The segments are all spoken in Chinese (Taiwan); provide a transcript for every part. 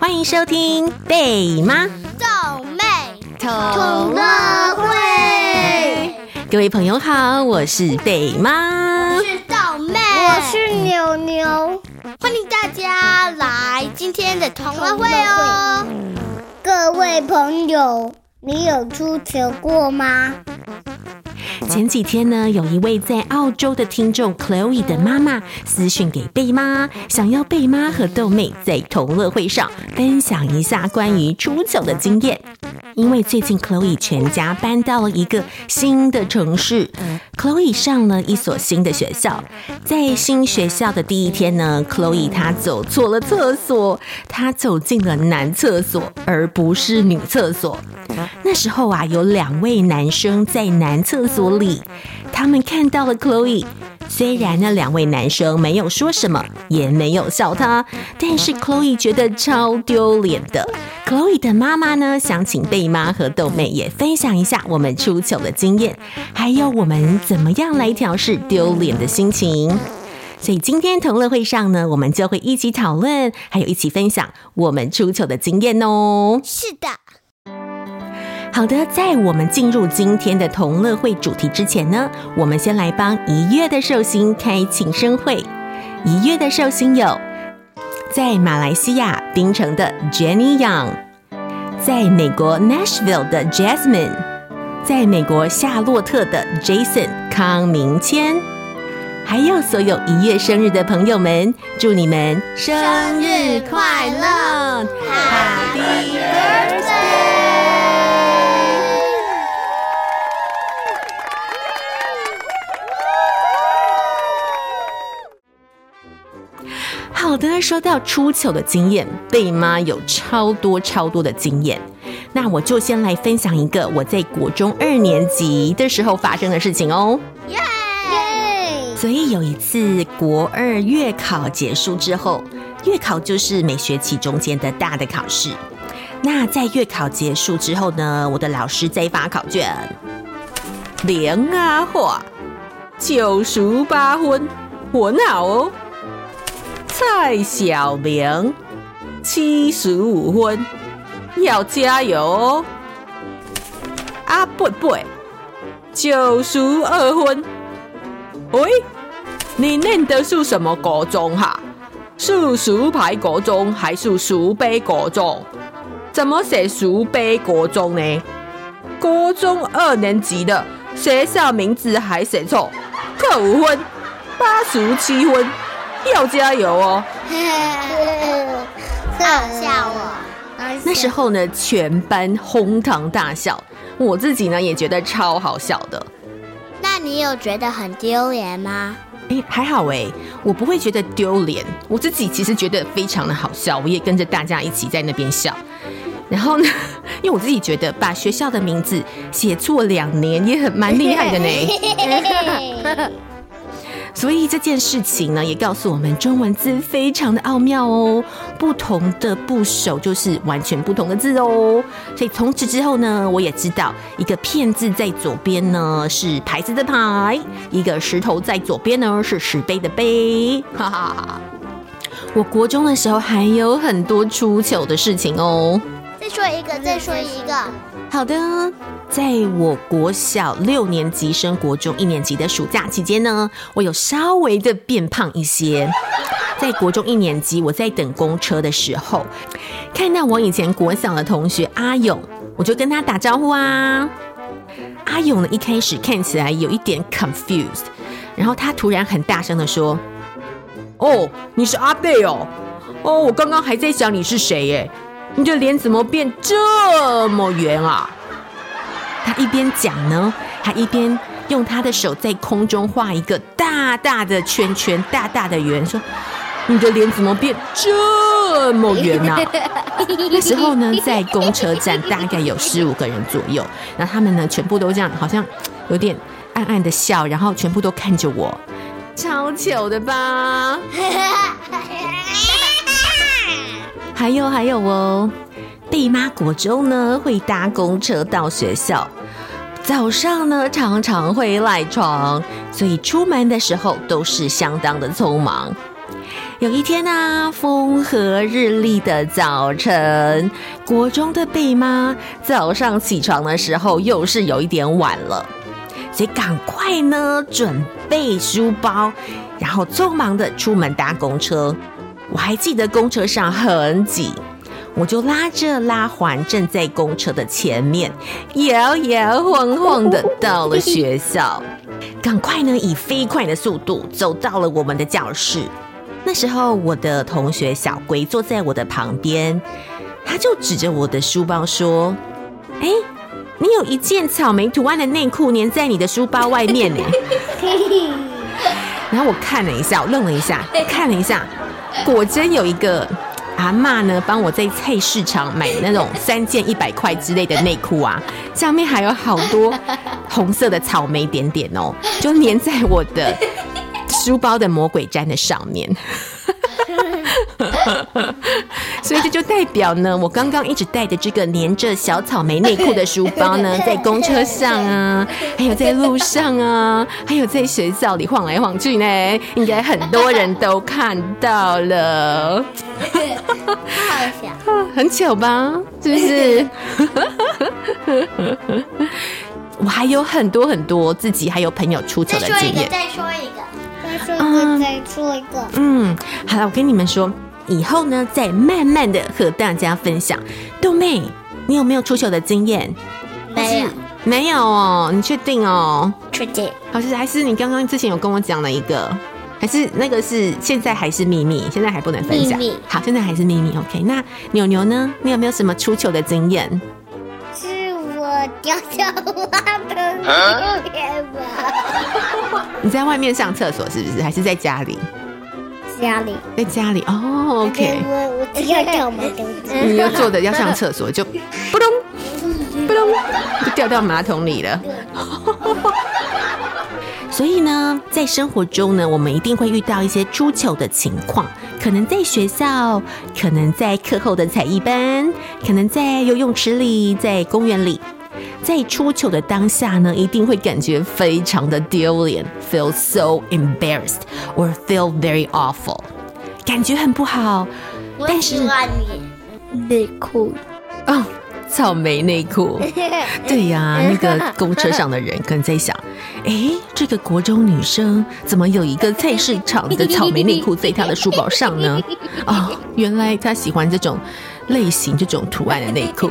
歡迎收聽貝媽豆妹童樂會。各位朋友好，我是貝媽，我是豆妹，我是牛牛。歡迎大家來今天的童樂會哦！各位朋友，你有出糗過嗎？前幾天呢，有一位在澳洲的聽眾 Chloe 的媽媽私訊給貝媽，想要貝媽和豆妹在童樂會上分享一下關於出糗的經驗。因為最近 Chloe 全家搬到了一個新的城市，Chloe 上了一所新的學校。在新學校的第一天呢，Chloe 她走錯了廁所，她走進了男廁所，而不是女廁所。那時候啊，有兩位男生在男廁所裡，他們看到了 Chloe。雖然那兩位男生沒有說什麼，也沒有笑他，但是 Chloe 覺得超丟臉的。Chloe 的媽媽呢，想請貝媽和豆妹也分享一下我們出糗的經驗，還有我們怎麼樣來調適丟臉的心情。所以今天童樂會上呢，我們就會一起討論，還有一起分享我們出糗的經驗哦。是的。好的，在我們進入今天的童樂會主題之前呢，我們先來幫一月的壽星開慶生會。一月的壽星有在馬來西亞檳城的 Jenny Yang，在美國 Nashville 的 Jasmine，在美國夏洛特的 Jason 康鳴謙，還有所有一月生日的朋友們，祝你們生日快樂，生日快樂！Happy birthday！我剛剛說到出糗的經驗，貝媽有超多超多的經驗，那我就先來分享一個我在國中二年級的時候發生的事情哦、喔。所以有一次國二月考結束之後，月考就是每學期中間的大的考試。那在月考結束之後呢，我的老師在發考卷，梁阿華九十八分，很好哦、喔。蔡小明，七十五分，要加油哦！阿貝貝，九十二分。喂，你念的是什麼高中哈、啊？是蘇牌高中還是蘇北高中？怎麼寫蘇北高中呢？高中二年級的學校名字還寫錯，扣五分，八十七分。要加油哦！好笑哦！那時候呢，全班哄堂大笑，我自己呢也覺得超好笑的。那你有覺得很丟臉嗎？哎，還好欸、欸，我不會覺得丟臉，我自己其實覺得非常的好笑，我也跟着大家一起在那邊笑。然後呢，因為我自己覺得把學校的名字寫錯兩年，也很蠻厲害的呢、欸。所以這件事情呢，也告訴我們中文字非常的奧妙哦。不同的部首就是完全不同的字哦。所以從此之後呢，我也知道一個“片”字在左邊呢是牌子的“牌”，一個石頭在左邊呢是石碑的“碑”。哈哈哈！我國中的時候還有很多出糗的事情哦。再說一個，再說一個。好的，在我國小六年級升國中一年級的暑假期間呢，我有稍微的變胖一些。在國中一年級，我在等公車的時候，看到我以前國小的同學阿勇，我就跟他打招呼啊。阿勇呢，一開始看起來有一點 confused，然後他突然很大聲的說：“哦，你是阿貝哦，哦，我剛剛還在想你是誰耶。”你的臉怎麼變這麼圓啊？他一邊講呢，他一邊用他的手在空中畫一個大大的圈圈，大大的圓，說：“你的臉怎麼變這麼圓啊？”那時候呢，在公車站大概有十五個人左右，然後他們呢全部都這樣，好像有點暗暗的笑，然後全部都看着我，超糗的吧！還有還有哦，貝媽國中呢會搭公車到學校，早上呢常常會賴床，所以出門的時候都是相當的匆忙。有一天呢，啊，風和日麗的早晨，國中的貝媽早上起床的時候又是有一點晚了，所以趕快呢準備書包，然後匆忙的出門搭公車。我還記得公車上很擠，我就拉着拉環，站在公車的前面，搖搖晃晃的到了學校。趕快呢，以飛快的速度走到了我們的教室。那時候，我的同學小龜坐在我的旁邊，他就指着我的書包說：“哎，你有一件草莓圖案的內褲粘在你的書包外面呢。”然後我看了一下，我愣了一下，看了一下。果真有一個阿嬤呢，幫我在菜市場買那種三件一百塊之類的內褲啊，上面還有好多紅色的草莓點點哦，就粘在我的書包的魔鬼氈的上面。 所以這就代表呢，我剛剛一直帶着這個連着小草莓內褲的書包呢，在公車上啊，還有在路上啊，還有在學校裡晃來晃去呢，應該很多人都看到了。好糗，很糗吧？是不是？我還有很多很多自己還有朋友出糗的經驗。再說一個，再說一個，再說一個，再說一個。嗯，好了，我跟你們說。以後呢，再慢慢的和大家分享。豆妹，你有沒有出糗的經驗？沒有，是，沒有哦。你確定哦？確定。還是，還是你剛剛之前有跟我講了一個？還是那個是現在還是秘密？現在還不能分享。秘密。好，現在還是秘密。OK。那牛牛呢？你有沒有什麼出糗的經驗？是我掉掉花的經驗嗎？啊、 你在外面上廁所是不是？還是在家裡？家裡，在家裡哦、oh,，OK。我我只要你要坐的要上廁所，就撲通撲通就掉到馬桶裡了。 所以呢，在生活中呢，我們一定會遇到一些出糗的情況，可能在學校，可能在課後的才藝班，可能在游泳池裡，在公園裡。在出糗的當下呢，一定會感覺非常的丟臉，feel so embarrassed or feel very awful，感覺很不好。但是我喜歡你內褲哦，oh, 草莓內褲。對呀、啊，那個公車上的人可能在想：哎、 欸，這個國中女生怎麼有一個菜市場的草莓內褲在她的書包上呢？哦、oh,，原來她喜歡這種類型、這種圖案的內褲。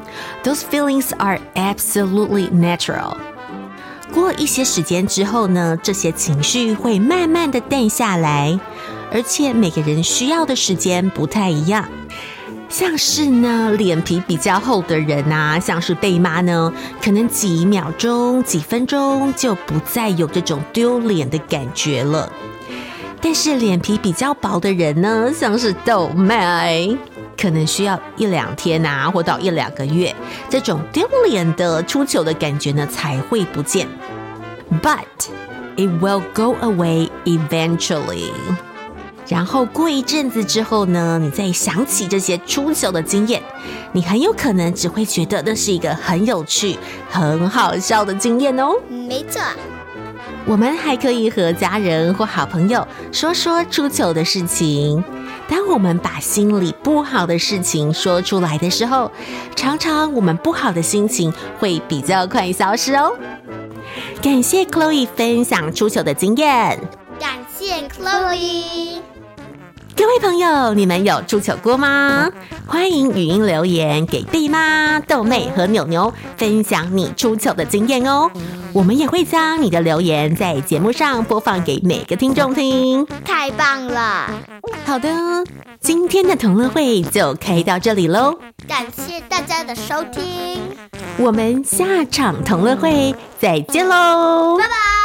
Those feelings are absolutely natural。過一些時間之後呢，這些情緒會慢慢的淡下來，而且每個人需要的時間不太一樣。像是呢，臉皮比較厚的人啊，像是貝媽呢，可能幾秒鐘、幾分鐘就不再有這種丟臉的感覺了。但是臉皮比較薄的人呢，像是豆妹，可能需要一兩天啊，或到一兩個月，這種丟臉的出糗的感覺呢才會不見。But it will go away eventually。然後過一陣子之後呢，你再想起這些出糗的經驗，你很有可能只會覺得那是一個很有趣、很好笑的經驗哦。沒錯。我們還可以和家人或好朋友說說出糗的事情。當我們把心裡不好的事情說出來的時候，常常我們不好的心情會比較快消失哦。感謝 Chloe 分享出糗的經驗，感謝 Chloe。各位朋友，你們有出糗過嗎？歡迎語音留言給貝媽、豆妹和牛牛，分享你出糗的經驗哦。我們也會將你的留言在節目上播放給每個聽眾聽。太棒了！好的，今天的童樂會就開到這裡嘍。感謝大家的收聽，我們下場童樂會再見嘍！拜拜。